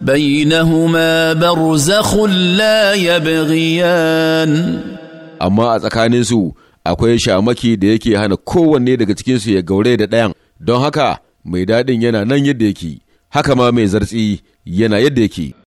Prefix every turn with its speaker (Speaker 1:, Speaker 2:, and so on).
Speaker 1: بينهما برزخ لا يبغيان amma a tsakaninsu akwai shamaki da yake hana kowanne daga cikinsu ya gaure da ɗayan don haka mai daɗin yana nan yadda yake haka ma mai zartsi
Speaker 2: yana yadda yake